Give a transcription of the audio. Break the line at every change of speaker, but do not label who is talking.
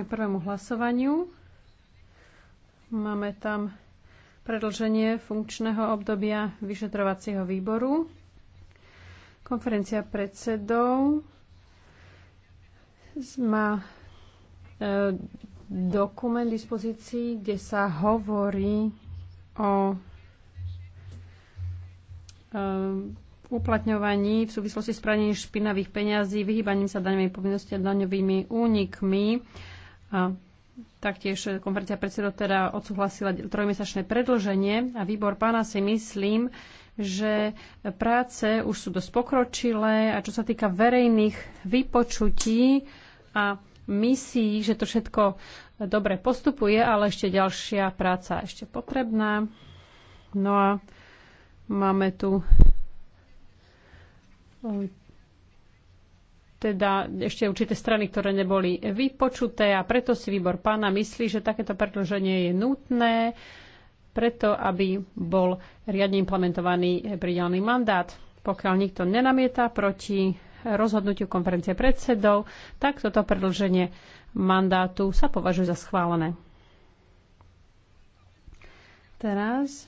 k prvému hlasovaniu. Máme tam predlženie funkčného obdobia vyšetrovacieho výboru. Konferencia predsedov má e, dokument v dispozícii, kde sa hovorí o e, uplatňovaní v súvislosti s praním špinavých peňazí, vyhýbaním sa daňovej povinnosti a daňovými únikmi. A taktiež konferencia predsedov teda odsúhlasila trojmesačné predlženie a výbor pána si myslím, že práce už sú dosť pokročilé a čo sa týka verejných vypočutí a misií, že to všetko dobre postupuje, ale ešte ďalšia práca ešte potrebná. No a máme tu teda ešte určité strany, ktoré neboli vypočuté a preto si výbor pána myslí, že takéto predloženie je nutné, preto aby bol riadne implementovaný pridelný mandát. Pokiaľ nikto nenamieta proti rozhodnutiu konferencie predsedov, tak toto predlženie mandátu sa považuje za schválené. Teraz